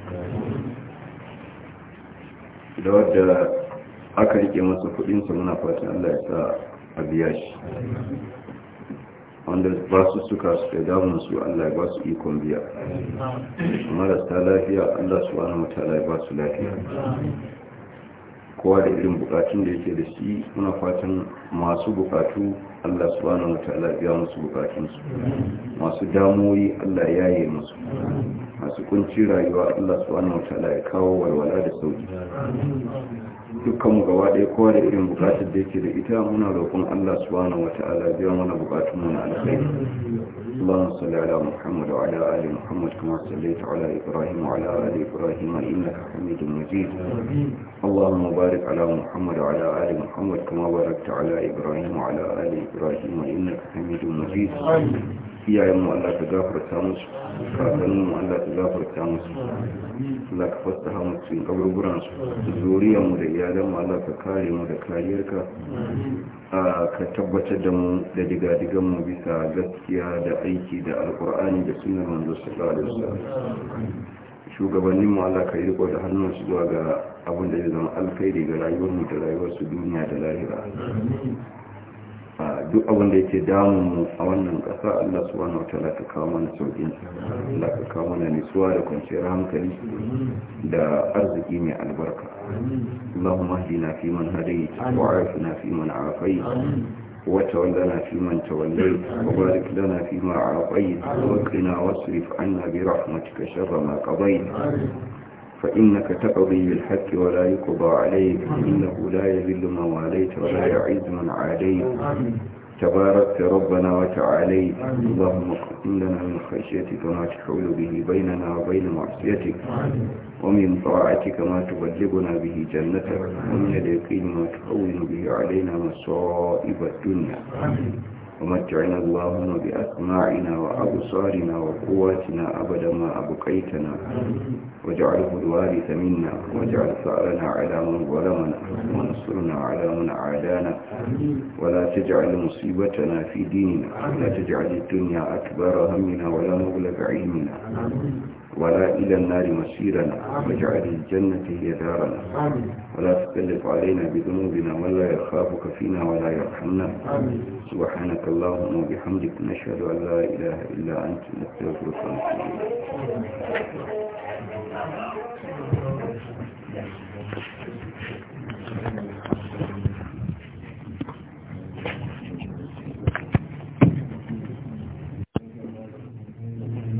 da wadda aka rike masa kudinsa muna fatan Allah ya sa a biya shi wanda ba su suka su da damun su Allah ya ba su ikon biya marasa lafiya Allah su wani mutala ya ba su lafiya kowa da irin bukatun da yake da shi muna fatan masu bukatu Allah su wani mutala ya musu bukatunsu masu damoyi Allah ya yi musu masu kunci rayuwa Allah su wani mutala ya kawo walwala da sauki dukkanmu gaba ɗaya kowa da irin bukatar da yake da ita muna roƙon Allah subhanahu wata'ala biya mana bukatun mu na alkhairi Allahumma salli ala Muhammad wa ali Muhammad kama sallaita ala Ibrahim ali Ibrahim innaka Hamidum Majid Allahumma barik ala Muhammad wa ala ali Muhammad kama barakta ala Ibrahim wa ali Ibrahim innaka Hamidum Majid Amin mu Allah ta gafarta musu mu Allah ta gafarta musu Allah ka fasaha musu cikin kaburburan su mu da mu Allah ka kare mu da kariyarka ka tabbatar da mu da digadigan mu bisa gaskiya da aiki da alkur'ani da sunan manzo sallallahu alaihi wasallam shugabannin mu Allah ka yi riko da hannun su zuwa ga abin da zai zama alkhairi ga rayuwar mu da rayuwar su duniya da lahira duk abin da yake damun mu a wannan ƙasa Allah subhanahu wataala ka kawo mana saukin Allah ka kawo mana nutsuwa da kwanciyar hankali da arziki mai albarka Allahumma hdina fi man hadayt wa afina fi man afayt وتولنا فيمن توليت وبارك لنا فيما أعطيت وقنا واصرف عنا برحمتك شر ما قضيت فإنك تقضي بالحق ولا يقضى عليك إنه لا يذل من واليت ولا يعز من عاديت تباركت ربنا وتعالي اللهم اقتل لنا من خشيتك ما تحول به بيننا وبين معصيتك ومن طاعتك ما تبلغنا به جنتك ومن اليقين ما تحول به علينا مصائب الدنيا ومتعنا اللهم بأسماعنا وأبصارنا وقواتنا أبدا ما أبقيتنا واجعله الوارث منا واجعل ثأرنا على من ظلمنا ونصرنا على من عادانا ولا تجعل مصيبتنا في ديننا ولا تجعل الدنيا أكبر همنا ولا مغلب علمنا ولا إلى النار مصيرنا واجعل الجنة هي دارنا ولا تكلف علينا بذنوبنا ولا يخافك فينا ولا يرحمنا سبحانك اللهم وبحمدك نشهد أن لا إله إلا أنت نستغفرك ونتوب إليك